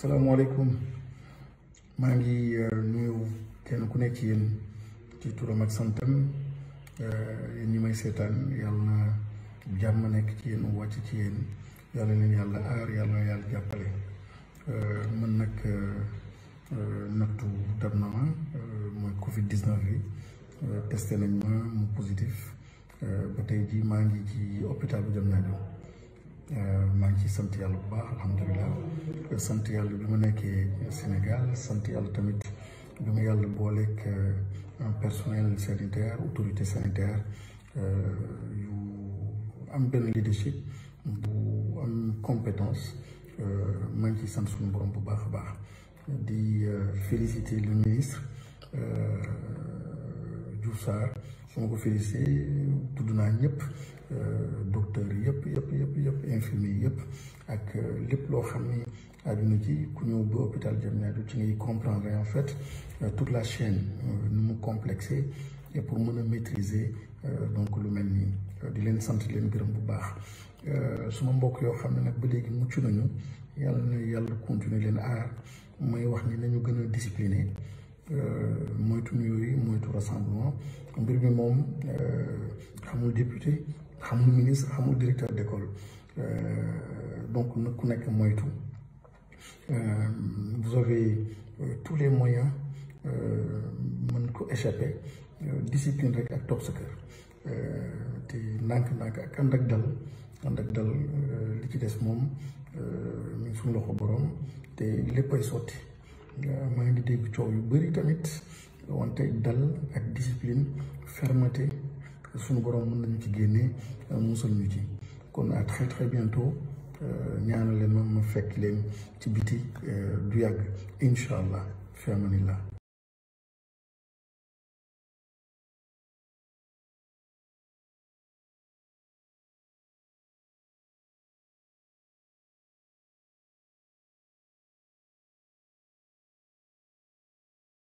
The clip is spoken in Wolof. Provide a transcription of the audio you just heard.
salaamaaleykum maa ngi euh, nuyu kenn ku nekk ci yéen ci turam ak santam euh, yéen may seetaan yàlla jàmm nekk ci yéen wàcc ci yéen yàlla leen yàlla aar yàlla yàlla jàppale euh, man nag nattu dab na ma mooy Covid 19 bi testé nañ ma mu positif ba tey ji maa ngi ci hôpital bu Diamniadio ci sant yàlla bu baax alhamdulilah sant yàlla bi ma nekkee Sénégal sant yàlla tamit bi ma yàlla booleeg euh, un personnel sanitaire autorité sanitaire euh, yu am benn leadership bu am compétence euh, maa ngi ci san suñu borom bu baax a baax di féliciter le ministre Diouf Sarr su ma ko féliciter tudd naa ñëpp docteur yëpp yëpp yëpp yëpp ay famille yëpp ak euh, lépp loo xam ni àdduna ci ku ñëw ba hôpital Diamniadio ci ngay comprendre en fait euh, tout la chaine euh, nu mu complexé et pour mën a maîtriser donc lu mel nii di leen sant leen gërëm bu baax suma mbokk yoo xam ne nag bu léegi mucc nañu yàlla na yàlla continuer leen aar mooy wax ni nañu gën a discipliné moytu yooyu moytu rassemblement mbir bi moom xamul député xamul ministre xamul directeur d'école Euh, donc na ku nekk moytu euh, vous avez euh, tous les moyens mën ko échapper discipline rek ak topp sa kër te nànk-nànk ak ànd ak dal ànd ak dal li ci des moom mi ngi suñu loxo borom te léppay sotti maa ngi dégg coow yu bëri tamit wante dal ak discipline fermeté suñu borom mën nañu ci génnee musal ñu ci kon à très très bientôt euh, ñaanal leen moom ma fekk leen ci biti euh, du yàgg incha allah fi amanillah